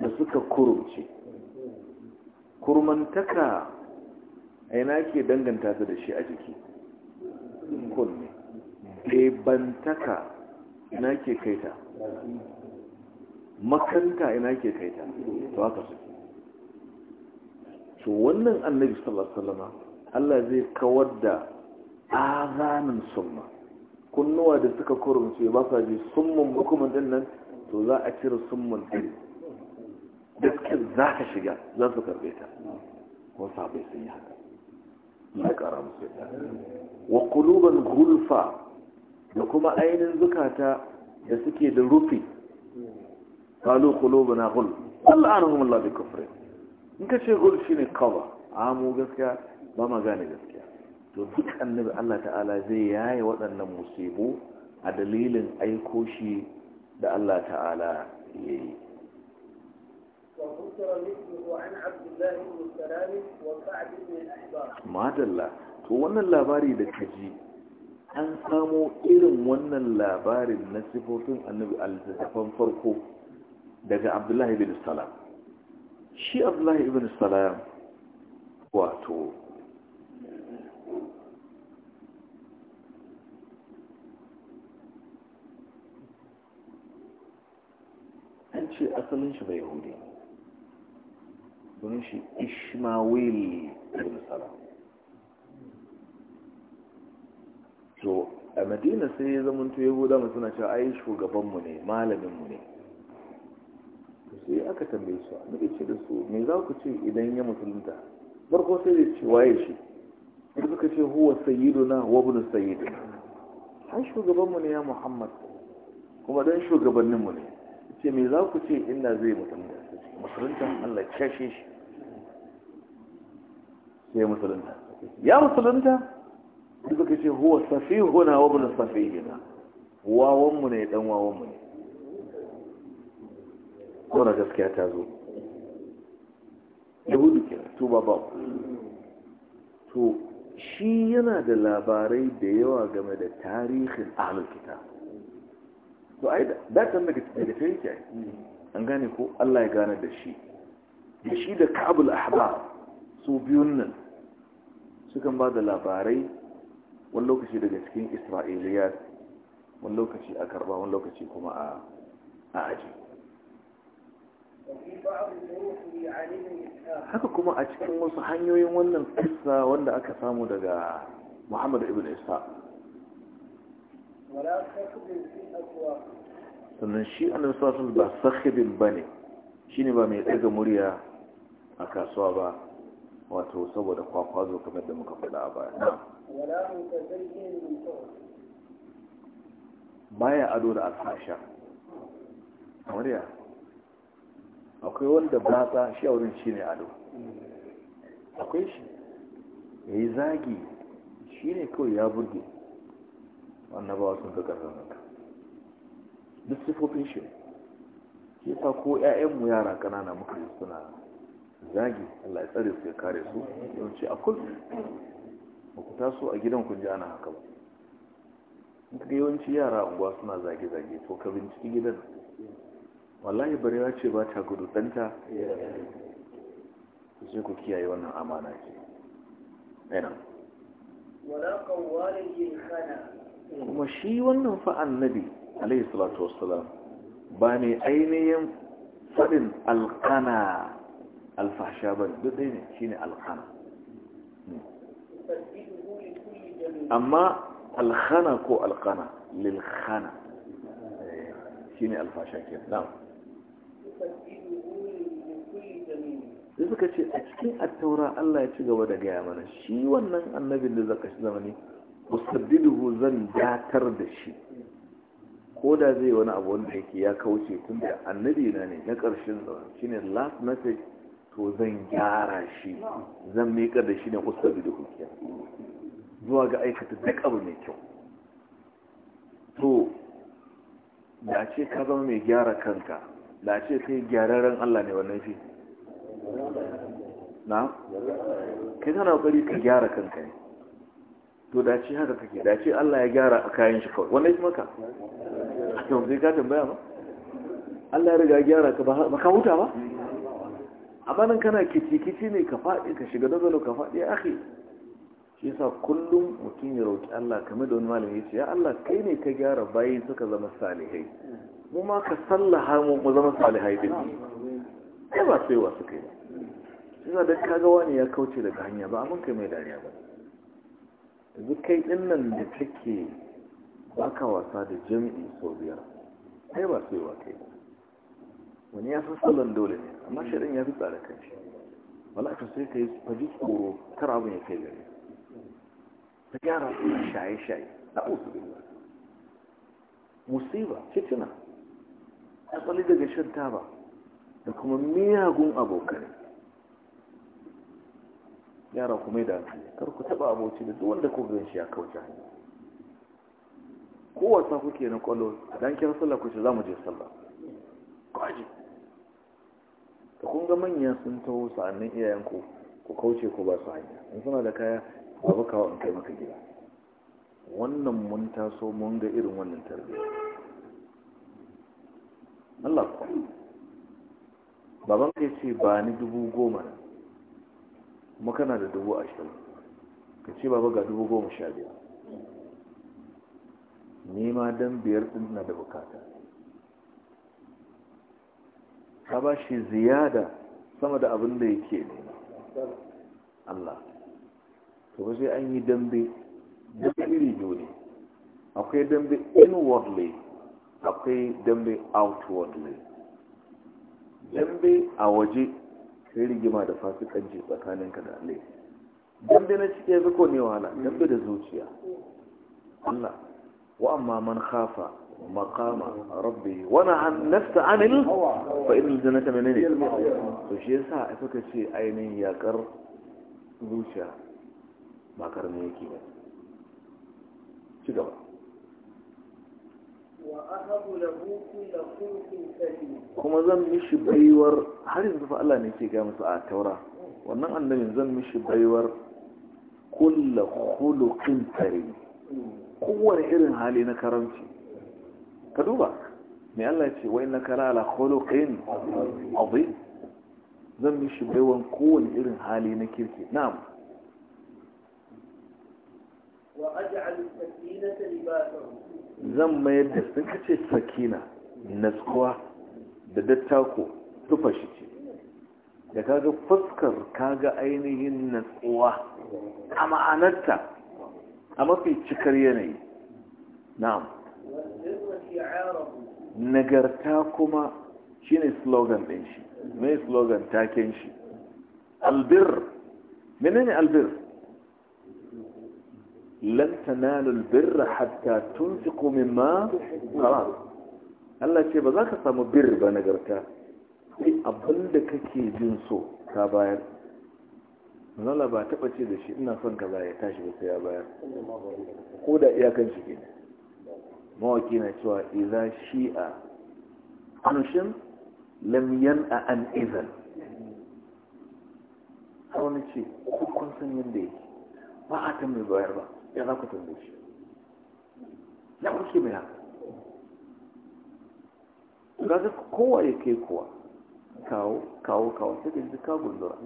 da suka kurumce kurmantaka aina ke danganta ta da shi a jiki kunne ɗebantaka ina ke kai ta, makanta ina ke kai ta, to haka su to wannan annabi sallallahu alaihi wasallam Allah zai kawar da azanin summa kunnuwa da suka kurumce ba sa ji summun hukumin din nan to za a cire summun din dukkan za ka shiga za su karbe ta wasu sabai sun yi haka na kara musu yadda wa kuluban gulfa da kuma ainihin zukata da suke da rufi kalu qulubuna ghul al'anahum Allah bi kufri in ka ce shi shine kaba a mu gaskiya ba ma gane gaskiya to duk annabi Allah ta'ala zai yaye waɗannan musibu a dalilin aiko shi da Allah ta'ala yayi ma dalla to wannan labari da ji. an samo irin wannan labarin na sifofin annabi al-littafan farko daga abdullahi bin salam shi abdullahi bin salam wato an ce asalin shi bai yahudi ne domin shi ishmawil bin salam to a madina sai ya zama to yahuda suna cewa ai shugabanmu ne malaminmu ne sai aka tambaye su muka ce da su me za ku ce idan ya musulunta farko sai da ce waye shi da suka ce huwa sayyiduna wa ibn sayyiduna ai shugabanmu ne ya muhammad kuma dan shugabanninmu ne ce me za ku ce inda zai musulunta musulunta Allah kashe shi sai musulunta ya musulunta ka ce huwa huna wa ibn safi wawan wawonmu ne dan wawonmu ne ko na gaskiya ta zo hudu ke to ba to shi yana da labarai da yawa game da tarihin ahlul kita to ai da tan daga da sai yake an gane ko Allah ya gane da shi da shi da Ka'bul Ahbar su biyun nan sukan ba da labarai wani lokaci daga cikin isra'iliya wani lokaci a karba wani lokaci kuma a aji haka kuma a cikin wasu hanyoyin wannan kisa wanda aka samu daga muhammadu ibn isa sannan shi annabi sallallahu ba sakhibin bane shine ba mai tsaga murya a kasuwa ba wato saboda kwakwazo kamar da muka faɗa ba baya ado da alfasha kamar akwai wanda batsa shi a wurin shi ne ado akwai shi ya yi zagi shi ne kawai ya burge Wannan ba sun ga ƙarfafa duk sifofin shi shi ta ko 'ya'yanmu yara ƙanana muka yi suna zagi Allah ya tsare su ya kare su yawanci a kul ba ku taso a gidan kun ji ana haka ba in yawanci yara unguwa suna zage-zage to ka binciki gidan wallahi ya ce ba ta gudu ɗanta ce ku kiyaye wannan amana ce kuma shi wannan fa'an nabi alaihi salatu wasu ba ne ainihin faɗin alkana Alfasha ba duk ɗaya ne shine alkhana amma alkhana ko alkhana lilkhana eh, shine alfasha ke na'am Da suka ce a cikin attaura Allah ya ci gaba da gaya mana shi wannan annabin da zaka shi zamani musabbiduhu zan datar da shi ko da zai wani abu wanda yake ya kauce tun da annabi na ne na ƙarshen zama shine last message to zan gyara shi zan miƙa da shi ne ustabi da hukiya zuwa ga aikata duk abu mai kyau to da ce ka zama mai gyara kanka da ce kai gyararren Allah ne wannan fi na? kai kana kwari ka gyara kanka ne to da ce haka kake da ce Allah ya gyara a kayan shi kawai wannan shi maka a yau zai ka tambaya ba Allah ya riga gyara ka ba ka huta ba amma nan kana kici-kici ne ka faɗi ka shiga dazalo ka faɗi ake shi yasa kullum mutum ya roƙi Allah kamar da wani malami ya ce ya Allah kai ne ka gyara bayi suka zama salihai mu ma ka sallaha mu mu zama salihai din sai ba sai wasu kai shi yasa kaga wani ya kauce daga hanya ba amma kai mai dariya ba yanzu kai din nan da take baka wasa da jami'i sau biyar sai ba sai wa kai wani ya san tsallon dole ne amma shaɗin ya fi tsada kan shi sai ka yi faji tsoro kar abin ya kai gari ta gyara suna shaye-shaye na usu bin musiba fitina tsalli daga shan taba da kuma miyagun abokai yara kuma da hankali kar ku taɓa aboci da duwanda ku gan shi a kauce hanya kowasa kuke na kwallo a dan kira sallah ku ce za mu je sallah kwaji Ka kun ga manya sun taho sa'annan iyayen ku ku kauce ku ba su hanya in suna da kaya babu kawo in kai maka gida wannan mun taso mun ga irin wannan tarbiyya Allah ku baban ka ce ba ni dubu goma na kuma kana da dubu ashirin ka ce baba ga dubu goma sha biyar nema don biyar ɗin na da bukatar ka ba shi ziyada sama da abin da yake ne Allah to ba sai an yi dambe duk iri ne akwai dambe inwardly akwai dambe outwardly dambe a waje sai rigima da fasikanci tsakaninka da Allah dambe na cike zuko ne wahala dambe da zuciya Allah wa amma man khafa مقام ربي وانا عن نفس عمل فإن الجنة من إلي وشي يسا أفكا شيء يا كر ذوشا ما كرني يكي شو دبا وأهب له كل خلق كريم كما زن مش بيور حديث يزف الله نيكي كام ساعة تورا wannan annabin zan mishi baiwar kulla khuluqin karim kowane irin hali na karamci ka duba mai Allah ya ce wai na kara ala kholokin azim zan shi baiwan kowane irin hali na kirki na'am zan mayar da sun kace sakina naskuwa da dattako tufa shi ce da kaga fuskar kaga ainihin natsuwa a ma'anarta a mafi cikar yanayi na'am nagarta kuma shine slogan ɗin shi mai slogan taken shi albir menene albir lan tanalu albir hatta tunfiqu mimma haram Allah ce ba za ka samu bir ba nagarta sai abinda kake jin so ka bayar manala ba taɓa ce da shi ina son ka ya tashi ba sai ya bayar Koda da iyakan shi kenan mawaki na cewa iza shi'a anushin lamiyan a an izan har wani ce kun san yadda yake ba a ta mai bayar ba ya za ku tambaye shi ya kuke mai haka ga ga kowa ya kai kowa kawo kawo kawo sai da yi gundura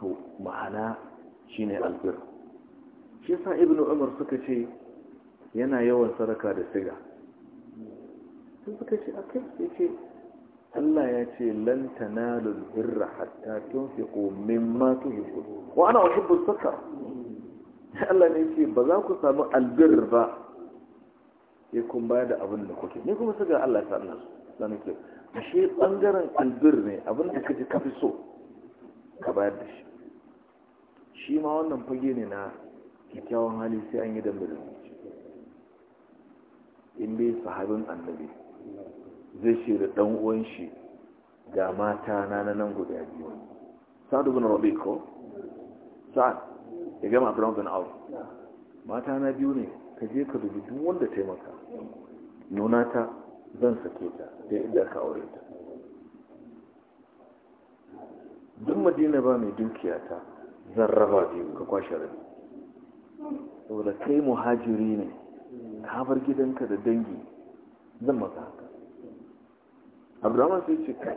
to ma'ana shine albir shi sa ibn umar suka ce yana yawan saraka da siga sun suka ce a kai ya ce Allah ya ce lan tanalul birra hatta tunfiqu mimma tuhibbun wa ana uhibbu sakar Allah ne ce ba za ku samu albir ba sai kun bayar da abin da kuke ne kuma siga Allah ta Allah dan ke shi bangaren albir ne abin da kaje kafi so ka bayar da shi shi ma wannan fage ne na kyakkyawan hali sai an yi dambe da zuci in dai sahabin annabi zai ce da ɗan uwan shi ga mata na nan guda biyu sa'adu bin rabe ko sa'ad ya gama abu bin auri. mata na biyu ne ka je ka dubi duk wanda taimaka nuna ta zan sake ta da inda ka aure ta duk madina ba mai dukiya ta zan raba biyu ka kwashe rabi saboda kai muhajiri ne ka bar gidanka da dangi zan maka haka abdurrahman sai ce kai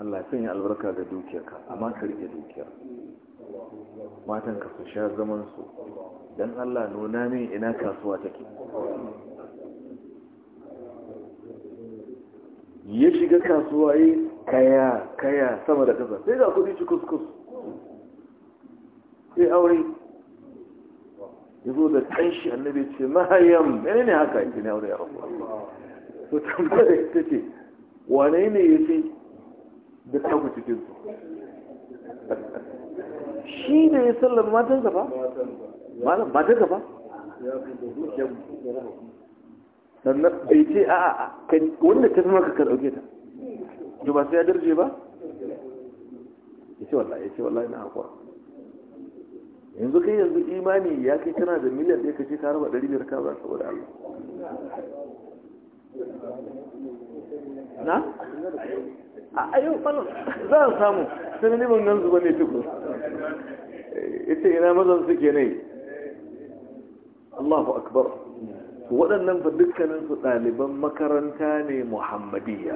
Allah sun yi albarka ga dukiyarka amma ka rike dukiyar matan ka su sha zaman su don Allah nuna min ina kasuwa take ya shiga kasuwa yi kaya kaya sama da kasa sai ga kudi ci kuskus yi aure ya zo da kanshi annabi ce mahayam mene ne haka yake ne aure ya rabu to tambaya ita ce wane ne ya ce da taku cikin su shi ne ya sallama matan ba malam matan ba sannan bai ce a a wanda ta zama ka dauke ta to ba sai ya darje ba ya ce wallahi ya ce wallahi na haƙura yanzu kai yanzu imani ya kai kana da miliyan ya kace ka raba ɗari biyar ka ba saboda Allah na a ayo falon za a samu sai neman nan zuba ne tukur eh, ita ina mazan suke ne Allahu akbar waɗannan fa dukkanin su ɗaliban makaranta ne muhammadiyya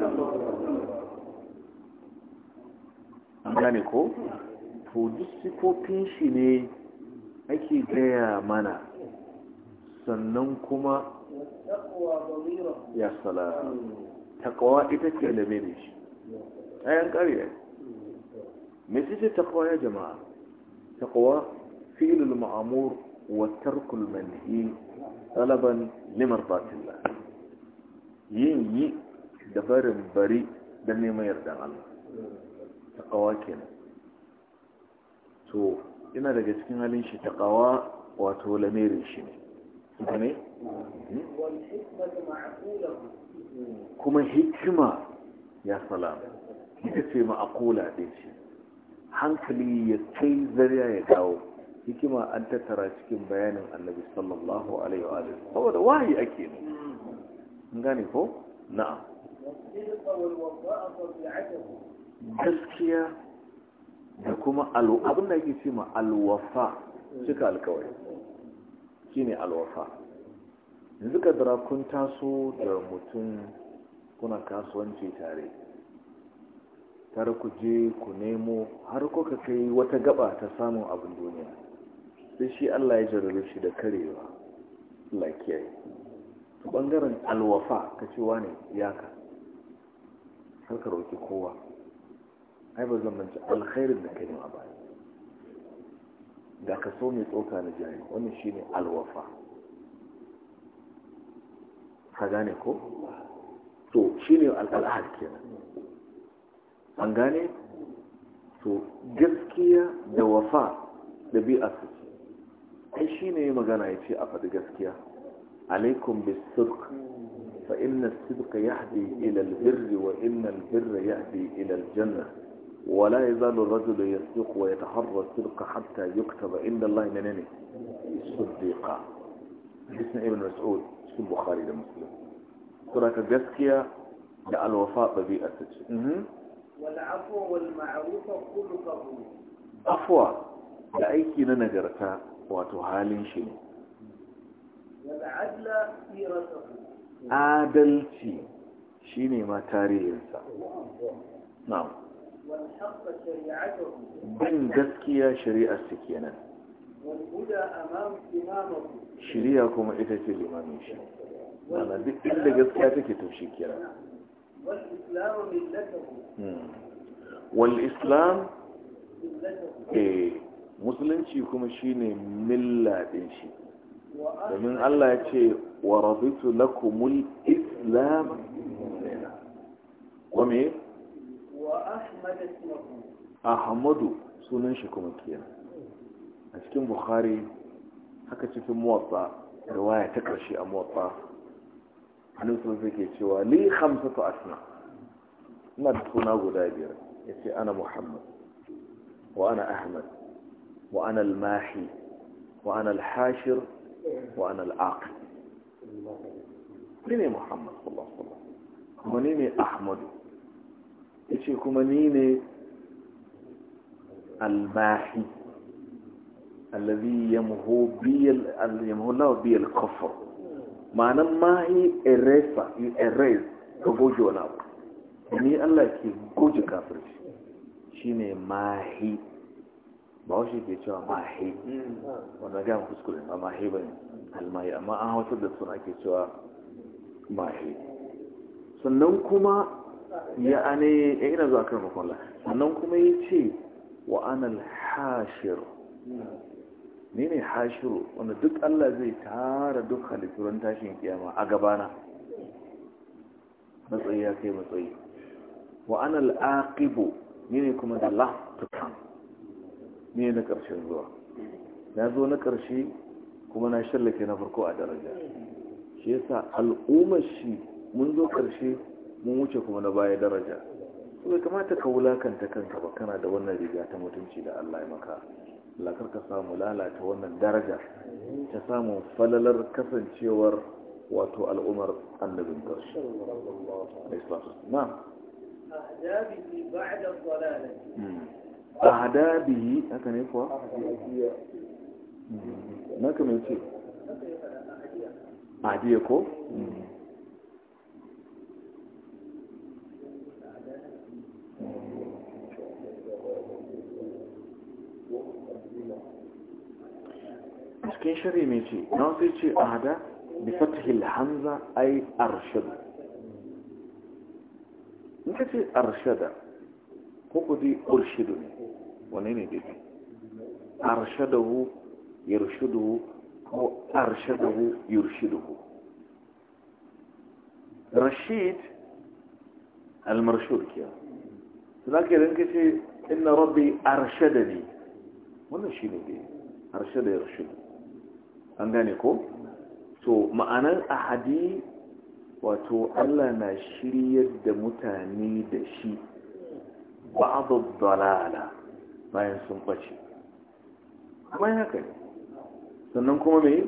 an gane ko to duk sifofin shi ne ake gaya mana sannan kuma ya sala takawa ita ce da mene shi ayan ƙarya mai ce takawa ya jama'a takawa filul ma'amur wa tarkul manhi talaban limar batilla yin yi da barin bari da neman yardan Allah takawa kenan to yana daga cikin halin shi taƙawa wato lamirin shi ne ne kuma hikima ya salam ita ce ma'akula ɗin shi. hankali ya kai zariya ya dawo hikima an tattara cikin bayanin annabi sallallahu alaihi wa alihi saboda wahayi ake ne in gane ko na'am gaskiya da kuma abin da yake ce alwafa cika alkawari shine alwafa yanzu ka dara kun taso da mutum kuna kasuwanci tare tare ku je ku nemo har kuka kai wata gaba ta samun abin duniya sai shi Allah ya jarrabe shi da karewa Allah kiyaye bangaren alwafa ka ce wane iyaka Harka ka roki kowa ai ba zan manci alkhairin da kai ma ba da ka so mai tsoka na jari wannan shine alwafa ka gane ko to shine al'ahad kenan an gane to gaskiya da wafa da bi'a su ce ai shine magana ya ce a faɗi gaskiya alaikum bisidq fa inna as ya yahdi ilal birri wa inna al-birra yahdi ila al-jannah wala ya zalo rajulu ya siku wa ya taharra sirka hatta yuktaba inda Allah ne ne siddiqa bisan ibn mas'ud cikin bukhari da muslim sura ka gaskiya da alwafa ɗabi'a ta ce afuwa da aiki na nagarta wato halin shi ne adalci shine ma tarihinsa bin gaskiya shari'ar su kenan shari'a kuma ita ce limamin shi mana duk inda gaskiya take to shi kira hmm. wal islam eh musulunci kuma shine milla din shi domin Allah ya ce wa raditu lakumul islam wa me ahmadu sunan shi kuma nan, a cikin bukhari haka cikin motsa, da waya ta ƙarshe a muwatsa hannun sun suke cewa li hamsa ta asna ina da suna guda biyar ya ce ana muhammad wa ana ahmad wa ana al al-mahi wa ana al-hashir, wa ana al'aqi ne ne muhammad sallallahu alaihi wa sallam kuma ne ne ahmadu ya ce kuma ni ne almahi allazi yamho lawa biyar kofar ma'anan mahi eresa you eres ka goge wani abu ni allah ke goji kafirci shi ne mahi ba shi ke cewa mahi wanda gama kuskure ba mahi ba ne almahi amma an hausar da suna ke cewa mahi sannan kuma ya ane ya eh, ina zuwa kan makwallah sannan kuma ya ce wa anal hashir ni ne hashiru wanda duk Allah zai tara duk halitturan tashin kiyama a gabana matsayi ya kai matsayi wa anal aqibu ni ne kuma da lahtuka ne na ƙarshen zuwa na zo na ƙarshe kuma na shallake na farko a daraja shi yasa al'ummar shi mun zo ƙarshe mun wuce kuma na baya daraja to kamata ka wulakanta kanka ba kana da wannan riga ta mutunci da Allah ya maka Allah ka samu lalata wannan daraja ta samu falalar kasancewar wato al'umar annabin karshe na hmm. ahdabihi haka ne kuwa na hmm. kamar ce ko hmm. مسكين شري ميتي نوتيتي أهدا بفتح الحمزة أي أرشد نكتي أرشد قوكدي أرشدني ونيني ديك أرشده يرشده هو أرشده يرشده رشيد المرشود كيا لكن نكتي إن ربي أرشدني ونشيني دي أرشد يرشدني an gane ko to ma'anar ahadi wato Allah na shiryar da mutane da shi ba'adu dalala bayan sun bace kuma ya kai sannan kuma me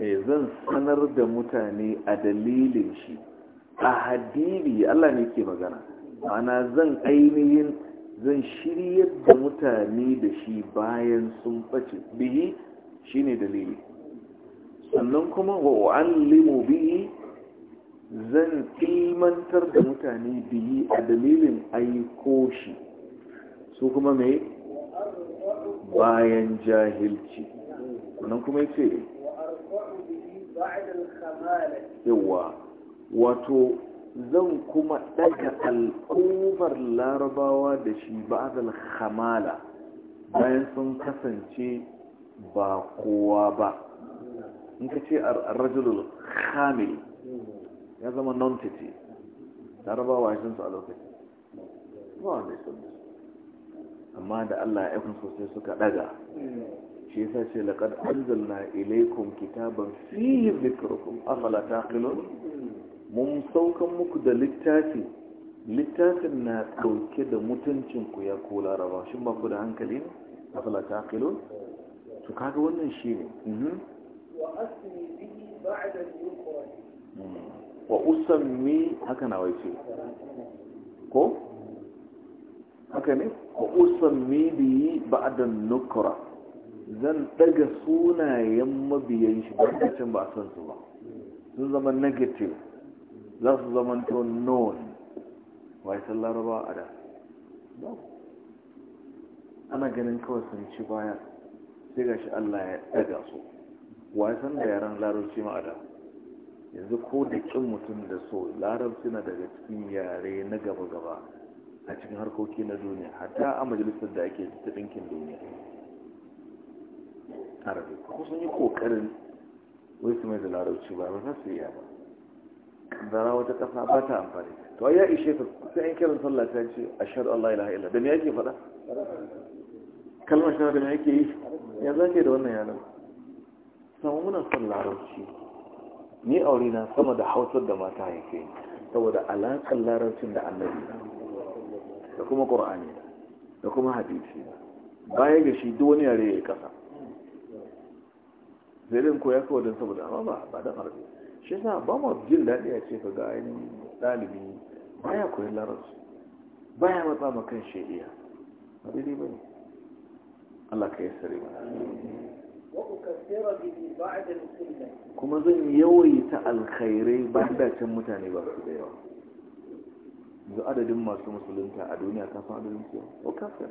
eh zan sanar da mutane a dalilin shi a hadiri Allah ne ke magana ana zan ainihin zan shiryar da mutane da shi bayan sun ɓace bihi shine dalili sannan kuma wa allimu bihi zan ilmantar da mutane bihi a dalilin aiko shi su kuma mai bayan jahilci wannan kuma ya ce yawa wato zan kuma ɗaga al'ummar larabawa da shi ba'adal hamala bayan sun kasance ba kowa ba in ka ce a rajulun hamil ya zama non-titi larabawa ya su a lokaci ba wanda ya amma da allah ya kun sosai suka ɗaga shi yasa ce laƙar anzalna ilaikum kitaban fi zikirkum afala taqilun mun saukan muku da littafi littafin na dauke da mutuncin ku ya ko laraba shi ba ku da hankali ne a falata akilon su kaga wannan shi ne mhm. wa hmm. usan mi haka na waice ko haka ne wa usan da yi ba'adan nukura zan daga sunayen mabiyan shi ba ba a san su ba sun zama negative za su zama to known wai san laraba a da ana ganin kawai sun ci baya sai gashi Allah ya daga su wai san da yaran larabci ma a da yanzu ko da kin mutum da so larabci na daga cikin yare na gaba-gaba a cikin harkoki na duniya hatta a majalisar da ake ta ɗinkin duniya arabi ko sun yi ƙoƙarin wai su mai da larabci ba ba su iya ba zara wata ƙasa ba ta amfani to ya ishe ka sai in kiran sallah ta ce a an Allah, ilaha illa da me yake faɗa kalmar da me yake yi ya zake da wannan yanar samu muna son larabci ni aure na sama da hausar da mata yake saboda alaƙar larabcin da annabi da kuma ƙur'ani da kuma hadisi baya ga shi duk wani yare ya yi ƙasa zai rin koya kawai don saboda amma ba ba don harbi shi sa ba mu jin daɗi a ce ka ga ainihin ɗalibi baya koyi larabci baya matsa ma kan shari'a a daidai ba ne Allah ka yi sare ba kuma zan yawai ta alkhairai ba da can mutane ba su da yawa da adadin masu musulunta a duniya kafin adadin kuwa? o kafin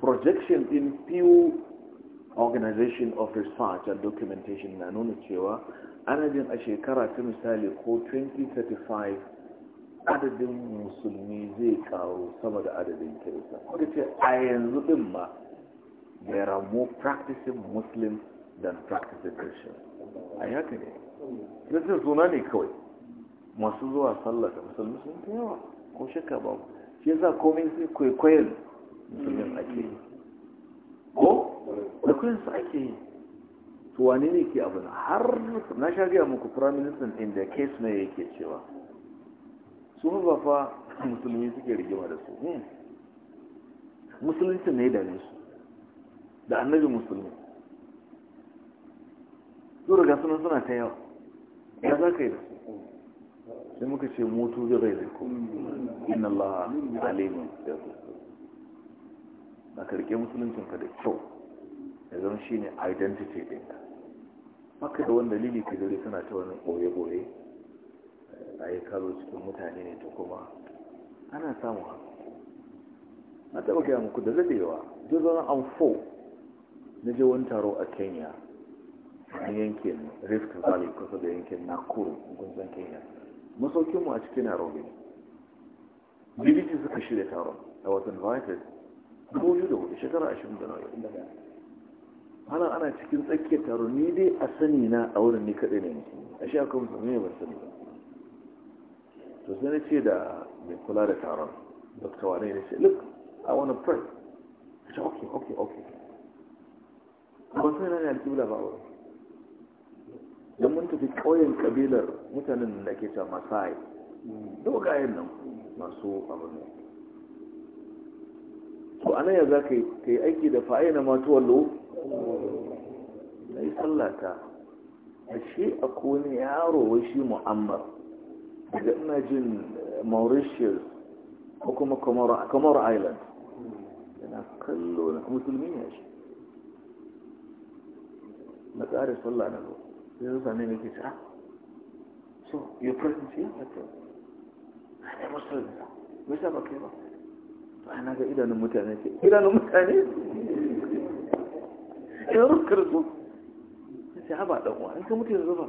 projection in few organization of research and documentation na nuna cewa adadin a shekara ta misali ko 2035 adadin musulmi zai karu sama da adadin kirista kuka ce a yanzu din ma there are more practicing muslims than practicing christians a yaka ne kirista suna ne kawai masu zuwa sallah da musulmi sun fi yawa ko shakka ba shi yasa komai sai kwaikwayon musulmin ake yi ko da su ake yi to ne ke abin har na sha gaya muku prime minister inda case ne yake cewa su ba fa musulmi suke rigima da su hmm. su ne da su da annabi musulmi su daga suna suna ta yawa ya za ka yi da su sai muka ce mutu zai zai ku inna Allah alimun da su na karke musuluncinka da kyau ya zama shi ne identity ɗinka maka da wanda lili ka gari suna ta wani ɓoye-ɓoye eh, a yi karo cikin mutane ne ta kuma ana samun haka na taɓa gaya muku da an fo na je wani taro a kenya a yankin rift valley kusa da yankin nakuru gunzan kenya masaukinmu a cikin nairobi bbc suka shirya taron a watan invited ko biyu da hudu shekara ashirin da nawa ana ana cikin tsakiyar taro ni dai a sani na a wurin ni kaɗai ne a shi akwai musulmi ne ban sani ba to sai na ce da mai kula da taron dr wane ne ce look i want to pray a ce okay okay okay Ban sai na ne alƙibla ba wurin don mun tafi ƙauyen ƙabilar mutanen da ke cewa masai dogayen nan masu abin to anan ya za ka yi aiki da fa'ina ma tuwallo na yi sallata a shi a kone yaro wai shi mu'ammar daga ina jin eh, mauritius ko kuma kamar island yana kallo na musulmi ya shi na tsari sallah na zo sai zai sami nake ta ah, so your presence here? I am a Muslim. Where's that ba? ba na ga idanun mutane ce idanun mutane in rukar su sai ɗan uwa, in ka mutu yanzu zuba.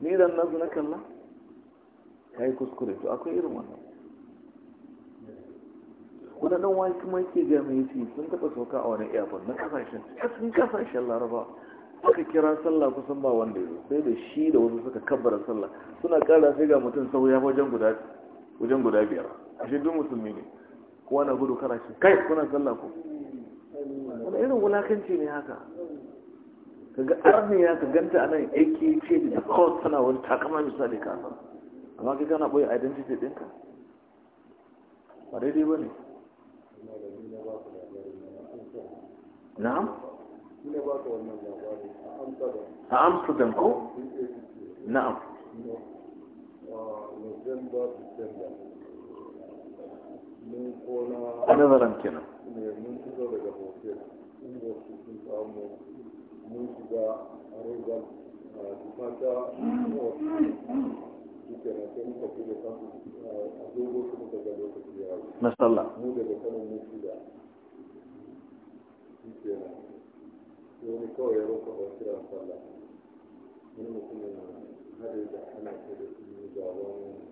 ni idan nasu na kalla ka yi kuskure to akwai irin wannan wani ɗan wani kuma yake ga mai yi sun taɓa sauka a wani airport na kasashen kasan ƙasashen laraba aka kira sallah kusan ba wanda ya sai da shi da wasu suka kabbara sallah suna ƙara sai ga mutum sau ya wajen guda biyar ashe duk musulmi ne kowa na gudu kana shi kai kuna sallah ko wani irin wulakanci ne haka kaga ya ka ganta a nan ake ce da kawai tana wani takama misali ka amma kai kana boye identity ɗinka ba daidai ba ne na'am a amsterdam ko na'am November, December. a nazarin kenan na sallah wani kawai ya roƙa ba kira sallah wani mutumin hada da ana kai da su gaban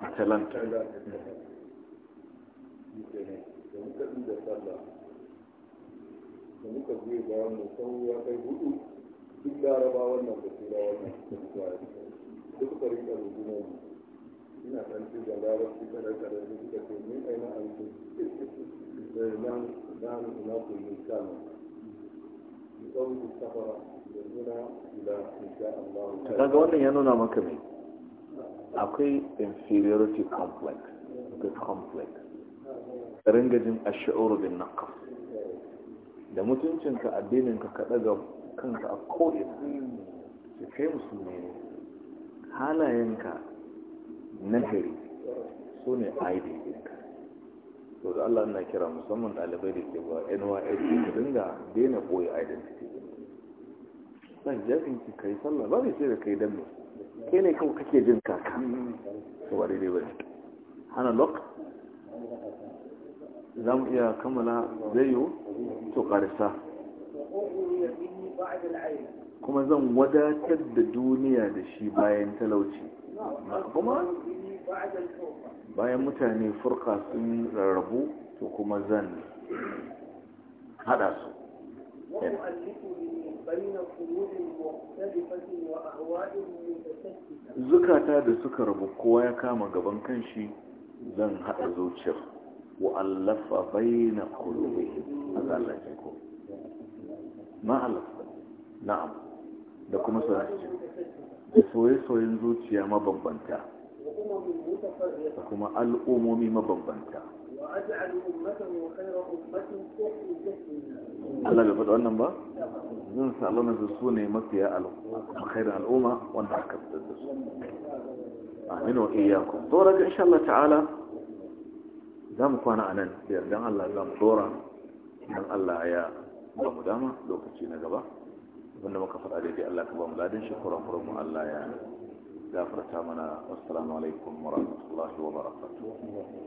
atalanta da muka je mu sau ya kai hudu duk laraba wannan da tura wannan duk karika rubuna ina san da larabci kada kada suka ce ai na da nan nan na ku yi safara da nuna insha Allah kaga wannan ya nuna maka mai akwai inferiority complex da complex ringajin a sha'uru bin naqaf da mutuncinka addininka ka daga kanka a ko'ina su kai musulmi ne halayenka na gari su ne aidinka to da Allah na kira musamman ɗalibai da ke ba NYSC ka dinga daina koyi identity ɗin. Zan jafin kai sallah ba ne sai da kai dan kai ne kawai kake jin kaka ba ne hana lok za mu iya kammala zai yiwu to karisa kuma zan wadatar da duniya da shi bayan talauci kuma bayan mutane furka sun rarrabu to kuma zan hada su zukata da suka rabu kowa ya kama gaban kanshi zan haɗa zuciyar wa'allafa bai na kulobe a zalace ko halasta na'am da kuma sarasci da soye-soyen zuciya mabambanta da kuma al'ummomi mabambanta وأجعل أمته خير أمة Allah bai faɗi wannan ba? Zan sa Allah nasu su ne mafiya alkhairin al'umma wanda aka fitar da su. Amin wa iyakun. Dora ga insha Allah ta'ala za mu kwana a nan da yardan Allah za mu dora don Allah ya ba mu dama lokaci na gaba. Wanda muka faɗa daidai Allah ka ba mu ladin shi kura-kura mu Allah ya gafarta mana. Assalamu alaikum wa rahmatullahi wa barakatuh.